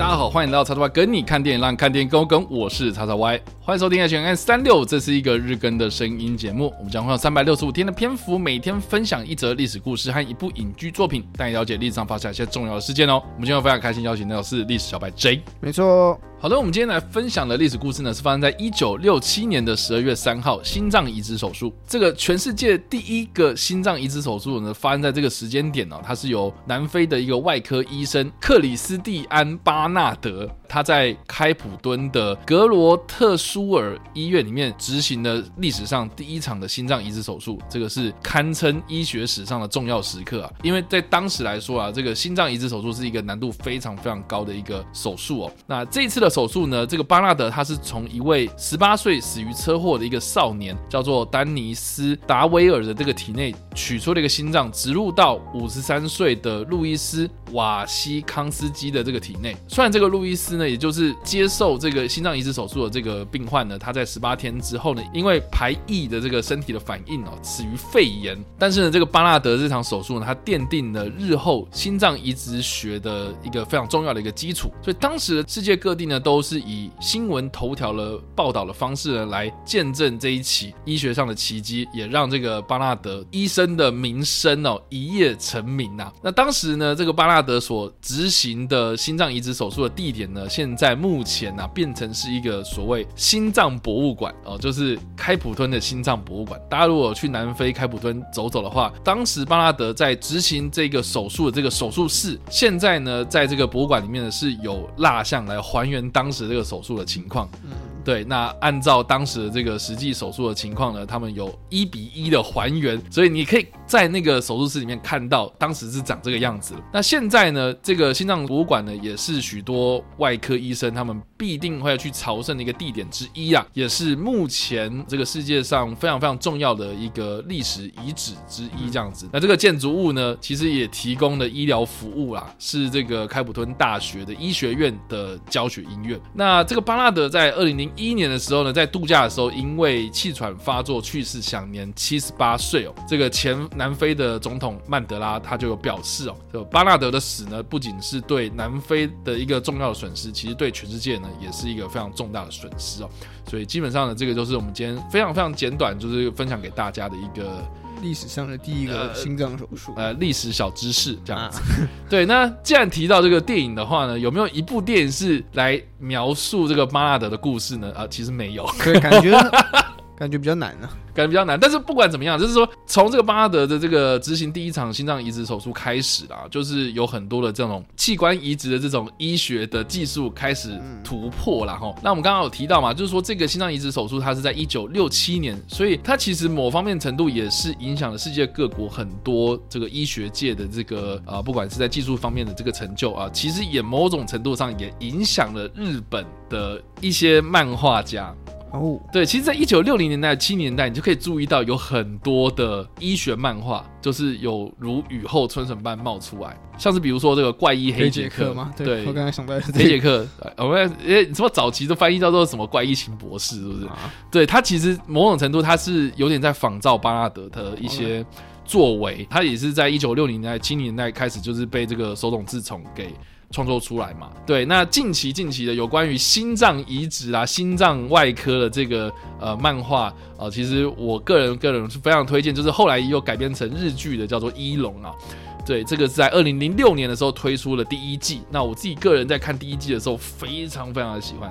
大家好，歡迎來到 XXY 跟你看電影，讓你看電影更有梗。我是 XXY，歡迎收聽 H&M 365，這是一個日更的聲音節目。我們將會用三百六十五天的篇幅，每天分享一則歷史故事和一部影劇作品，帶你了解歷史上發生哪些重要的事件哦。我們今天非常開心邀請到的是歷史小白 J，沒錯、哦。好的，我們今天來分享的歷史故事呢，是發生在一九六七年的十二月三號，心臟移植手術。這個全世界第一個心臟移植手術呢，發生在這個時間點呢、哦，它是由南非的一個外科醫生克里斯蒂安巴納德。他在開普敦的格羅特舒爾醫院裡面執行了歷史上第一場的心臟移植手術，這個是堪稱醫學史上的重要時刻啊！因為在當時來說啊，這個心臟移植手術是一個難度非常非常高的一個手術哦。那這次的手術呢，這個巴納德他是從一位十八歲死於車禍的一個少年，叫做丹尼斯·達維爾的這個體內取出了一個心臟，植入到五十三歲的路易斯。瓦西康斯基的這個體內，雖然這個路易斯呢，也就是接受這個心臟移植手術的這個病患呢，他在十八天之後呢，因為排異的這個身體的反應哦，死於肺炎。但是呢，這個巴納德這場手術呢，它奠定了日後心臟移植學的一個非常重要的一個基礎。所以當時的世界各地呢，都是以新聞頭條的報道的方式呢，來見證這一起醫學上的奇蹟，也讓這個巴納德醫生的名聲哦一夜成名吶、啊。那當時呢，這個巴納。巴拉德所執行的心臟移植手術的地點呢，現在目前呢，啊，變成是一個所謂心臟博物館哦，就是開普敦的心臟博物館。大家如果去南非開普敦走走的話，當時巴拉德在執行這個手術的這個手術室，現在呢，在這個博物館裡面呢是有蠟像來還原當時這個手術的情況。嗯。對，那按照當時的這個實際手術的情況呢，他們有一比一的還原，所以你可以在那個手術室裡面看到當時是長這個樣子。那現在呢，這個心臟博物館呢，也是許多外科醫生他們必定會要去朝聖的一個地點之一啊，也是目前這個世界上非常非常重要的一個歷史遺址之一。這樣子，嗯、那這個建築物呢，其實也提供了醫療服務啦、啊，是這個開普敦大學的醫學院的教學醫院。那這個巴拉德在二零零。一年的時候呢，在度假的時候，因為氣喘發作去世，享年七十八歲。哦，這個前南非的總統曼德拉，他就有表示哦，這個巴納德的死呢，不僅是對南非的一個重要的損失，其實對全世界呢，也是一個非常重大的損失哦。所以，基本上呢，這個就是我們今天非常非常簡短，就是分享給大家的一個。歷史上的第一個心臟手術、呃，呃，歷史小知識這樣子。啊、對，那既然提到這個電影的話呢，有沒有一部電影是來描述這個巴納德的故事呢？啊、呃，其實沒有，感覺。 感覺比較難呢、啊，感覺比較難。但是不管怎麼樣，就是說從這個巴納德的這個執行第一場心臟移植手術開始啊，就是有很多的這種器官移植的這種醫學的技術開始突破了哈、嗯。那我們剛剛有提到嘛，就是說這個心臟移植手術它是在一九六七年，所以它其實某方面程度也是影響了世界各國很多這個醫學界的這個啊、呃，不管是在技術方面的這個成就啊、呃，其實也某種程度上也影響了日本的一些漫畫家。哦，oh. 對，其實，在一九六零年代七年代，你就可以注意到有很多的醫學漫畫，就是有如雨後春筍般冒出來，像是比如說這個怪醫黑傑克嘛，對，對我剛才想到是黑傑克，我們誒，什、欸、麼早期都翻譯叫做什麼怪醫秦博士，是、就、不是？啊、對他其實某種程度他是有點在仿照巴納德的一些作為，他、嗯嗯、也是在一九六零年代七零年代開始就是被這個手塚治蟲給。創作出來嘛？對，那近期近期的有關於心臟移植啊、心臟外科的這個呃漫畫啊、呃，其實我個人個人是非常推薦，就是後來又改編成日劇的，叫做《醫龍》啊。對，這個是在二零零六年的時候推出的第一季。那我自己個人在看第一季的時候，非常非常的喜歡。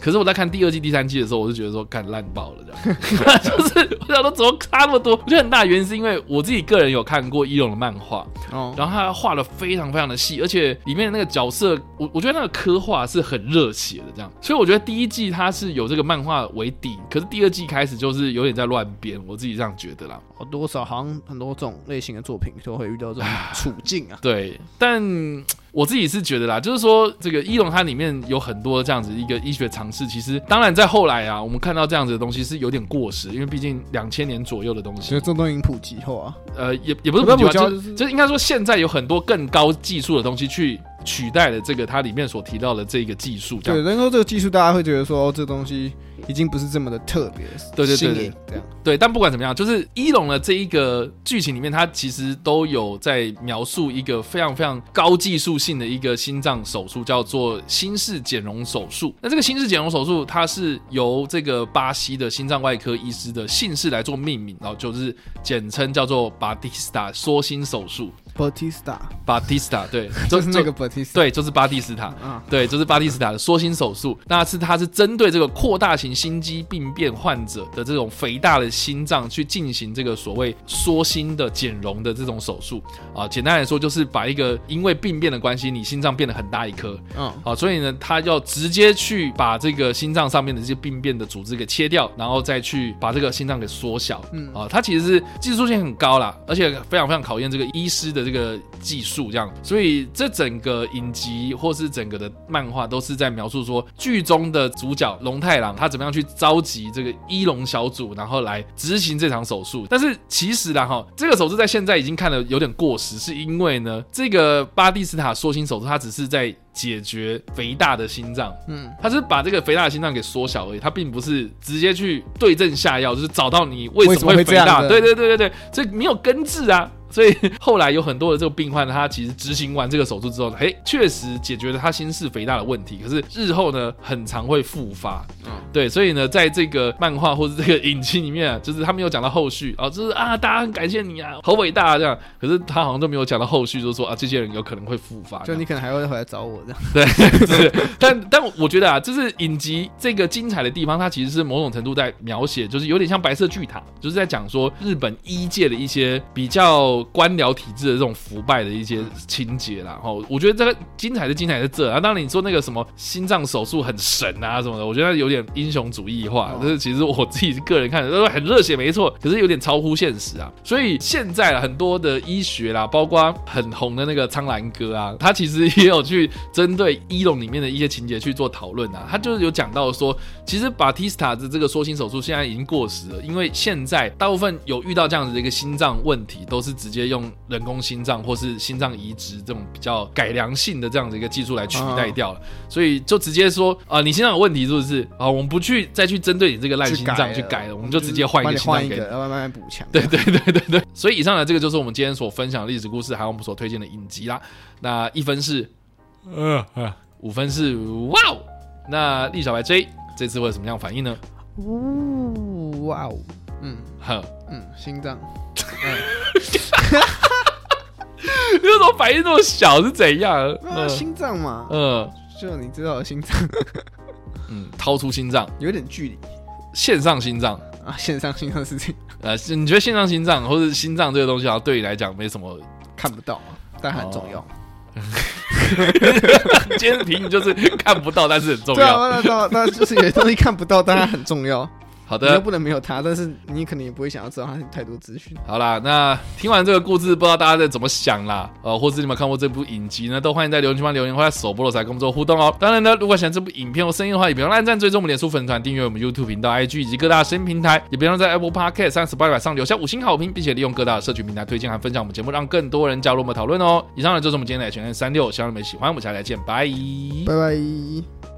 可是我在看第二季、第三季的時候，我就覺得說，看爛爆了這樣， 就是我想說怎麼差那麼多？我覺得很大原因是因為我自己個人有看過醫龍的漫畫，然後他畫的非常非常的細，而且裡面的那個角色，我我覺得那個刻畫是很熱血的這樣。所以我覺得第一季它是有這個漫畫為底，可是第二季開始就是有點在亂編，我自己這樣覺得啦、哦。多少好像很多這種類型的作品都會遇到這種處境啊。 對，但。我自己是覺得啦，就是說，這個醫龍它裡面有很多這樣子一個醫學嘗試。其實當然在後來啊，我們看到這樣子的東西是有點過時，因為畢竟兩千年左右的東西。所以這東西已經普及後啊，呃，也也不是普及啊，就是，就是應該說現在有很多更高技術的東西去。取代了這個，它裡面所提到的這個技術，對。然後這個技術，大家會覺得說，哦，這東西已經不是這麼的特別，對對，對，對新穎，這樣。對，但不管怎麼樣，就是醫龍的這一個劇情裡面，它其實都有在描述一個非常非常高技術性的一個心臟手術，叫做心室減容手術。那這個心室減容手術，它是由這個巴西的心臟外科醫師的姓氏來做命名，然後就是簡稱叫做巴蒂斯塔縮心手術。巴蒂斯塔，巴蒂斯塔，巴蒂斯塔,對，就, 就是這個巴蒂斯塔，對，就是巴蒂斯塔，啊，uh, 對，就是巴蒂斯塔的縮心手術，uh, 那是它是針對這個擴大型心肌病變患者的這種肥大的心臟去進行這個所謂縮心的減容的這種手術啊。簡單來說，就是把一個因為病變的關係，你心臟變得很大一顆，嗯，啊，所以呢，他要直接去把這個心臟上面的這些病變的組織給切掉，然後再去把這個心臟給縮小，啊，它其實是技術性很高啦，而且非常非常考驗這個醫師的。這個技術這樣，所以這整個影集或是整個的漫畫都是在描述說劇中的主角龍太郎他怎麼樣去召集這個醫龍小組，然後來執行這場手術。但是其實啦，哈，這個手術在現在已經看的有點過時，是因為呢，這個巴蒂斯塔縮心手術它只是在解決肥大的心臟，嗯，它是把這個肥大的心臟給縮小而已，它並不是直接去對症下藥，就是找到你為什麼會肥大，對對對對對，對，所以沒有根治啊。所以後來有很多的這個病患，他其實執行完這個手術之後，哎、欸，確實解決了他心室肥大的問題。可是日後呢，很常會復發。嗯，對，所以呢，在這個漫畫或者這個影集裡面啊，就是他沒有講到後續啊，就是啊，大家很感謝你啊，好偉大啊，這樣。可是他好像都沒有講到後續就是，就說啊，這些人有可能會復發，就你可能還會回來找我這樣。對， 是，但但我覺得啊，就是影集這個精彩的地方，它其實是某種程度在描寫，就是有點像白色巨塔，就是在講說日本醫界的一些比較。官僚體制的這種腐敗的一些情節，然後我覺得這個精彩的精彩在這。然、啊、當然你說那個什麼心臟手術很神啊什麼的，我覺得他有點英雄主義化。但、哦、是其實我自己個人看的，都是很熱血沒錯，可是有點超乎現實啊。所以現在、啊、很多的醫學啦、啊，包括很紅的那個蒼蘭哥啊，他其實也有去針對《醫龍》裡面的一些情節去做討論啊。他就是有講到說，其實巴蒂斯塔的這個縮心手術現在已經過時了，因為現在大部分有遇到這樣子的一個心臟問題都是。直接用人工心臟或是心臟移植這種比較改良性的這樣的一個技術來取代掉了，所以就直接說啊，你心臟有問題是不是啊？我們不去再去針對你這個爛心臟去改了，我們就直接換一個心臟給慢慢慢補強。對對對對對，對，所以以上的這個就是我們今天所分享的歷史故事，還有我們所推薦的影集啦。那一分是，呃，五分是哇哦。那栗小白 J 這次會有什麼樣反應呢？哇哦，嗯好，嗯心臟、嗯。 哈哈哈哈，你為什麼反應那麼小是怎樣？啊、心臟嘛，嗯，就你知道的心臟， 嗯，掏出心臟，有點距離，獻上心臟啊，獻上心臟的事情。呃、啊，你覺得獻上心臟或者心臟這個東西，然後對你來講沒什麼，看不到，但很重要。今天就是看不到，但是很重要。 對那、啊、那就是有些東西看不到，當然很重要。好的，你又不能沒有他，但是你可能也不會想要知道他太多資訊。好啦，那聽完這個故事，不知道大家在怎麼想啦？呃，或者你們看過這部影集呢？都歡迎在留言區留言，或者在首播的時候來跟我們做互動哦。當然呢，如果喜歡這部影片或聲音的話，也別忘了按讚，追蹤我們臉書粉團，訂閱我們 YouTube 頻道、IG 以及各大聲音平台，也別忘了在 Apple Podcast 2, 1, 2,、三十八點上留下五星好評，並且利用各大的社群平台推薦和分享我們節目，讓更多人加入我們討論哦。以上呢就是我們今天的 H&M 365，希望你們喜歡，我們下期再見，拜拜。Bye bye